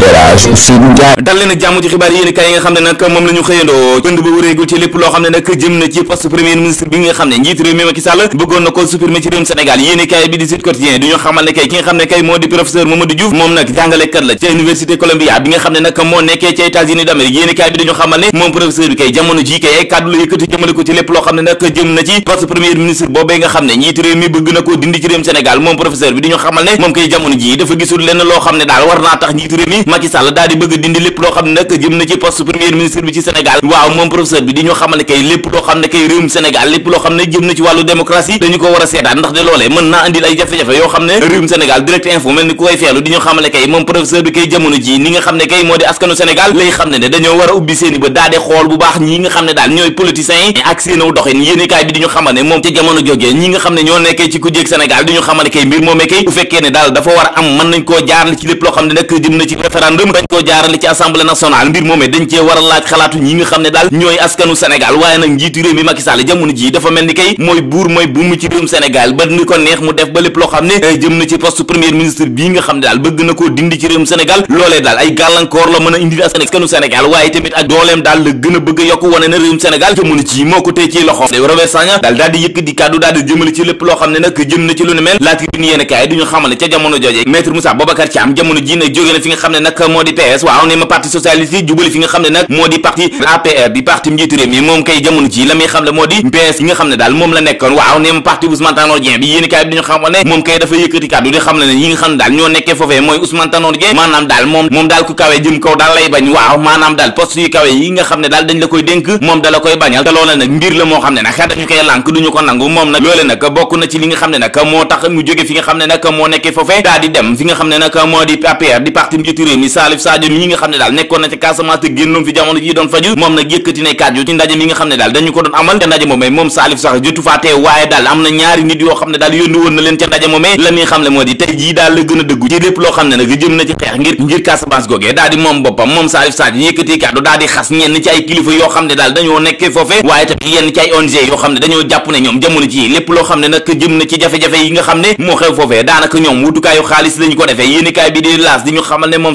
Elage Seydou dal leen jàmm ci xibaar yéen kaay yi nga xam ne nag moom la xëyandoo bënd ba wëreegul ci lépp loo xam ne nag jëm na ci poste premier ministre bi nga xam ne njiitu réew mi Macky na ko supprimer ci réew mi Sénégal moom professeur bi dañu xamal ne moom kay jamono ji dafa gisul lenn loo xam ne daal war naa tax njiitu réew mi Macky Sall daal bëgg dindi lépp loo xam ne nag jëm na ci poste premier ministre bi ci Sénégal waaw moom professeur bi di ñu xamal kay lépp loo xam ne kay réewum Sénégal lépp loo xam ne jëm na ci wàllu démocratie dañu ko war xam ne réewum Sénégal direct ku koy feelu di ñu xamal kay moom professeur kay jamono ji ne kay moo war a ubbi seeni ba daal ne ci jamono jogee xam ne ne kay mbir moomee kay bu fekkee ne daal dafa war am mën nañ koo jaar ci lépp loo référendum eh, Robert Sagna daal daal yëkk di kàddu daal jëmale ci lépp loo xam ne nag jëm na ci lu ne mel laaj duñu duñu xamal ca jamono jooje maître Moussa Bobacar Thiam jamono ji nag jóge na fi nga xam ne nag moo di PS waaw yi jubali fi nga xam ne nag moo di parti APR di parti njiitu réew mi moom kay jamono ci la muy xam ne da nag moom di dem APR di parti njiitu réew ni Salif Sadio mi nga xam ne daal nekkoon na Casamance te génnoon fi jamono ji doon faju moom nag yëkkati ne daal dañu ko ndaje moom yoo xam ne daal a dëggu dañoo nekkee foofee waaye tamit yenn ci ay ONG yoo xam ne dañoo jàpp ne ñoom jamono ci lépp loo xam ne nag jëm na ci jafe-jafe yi nga xam ne moo xew foofee daanaka ñoom wutukaayu xaalis lañu ko defee yéenikaay bi di laas di ñu xamal ne moom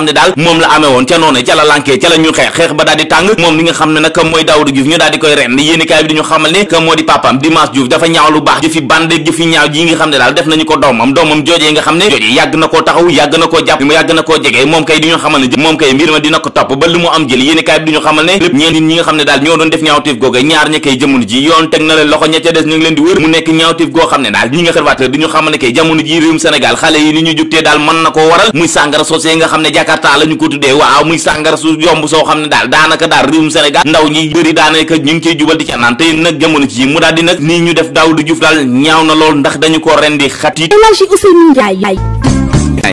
xam ne moom la amee ca noonu ca la lankee ca la ñu xeex ba daal di tàng moom li xam ne nag mooy Daouda Diouf ñu daal di koy ren yéenekaay bi di xamal ne que moo di nga xam ne daal def nañu ko doomam doomam joojee nga xam ne joojee yàgg na na koo jàpp yàgg na koo jege moom di ñu mu am jël yéenekaay ñaar ña koy jamono ji yoon teg na leen loxo ña ca des ñu leen di wër mu nekk ñaawteef goo xam ne daal ñi nga xervateur di xamal ne kay jamono jakarta la ñu ko tuddee waaw muy sàngara su yomb soo xam ne daal daanaka daal réewum Sénégal ndaw ñi bëri daanaka ñu ngi ciy jubal di ca naan tey nag jamono ci mu daal di nag nii ñu def Daouda Diouf daal ñaaw na lool ndax dañu ko rendi xat yi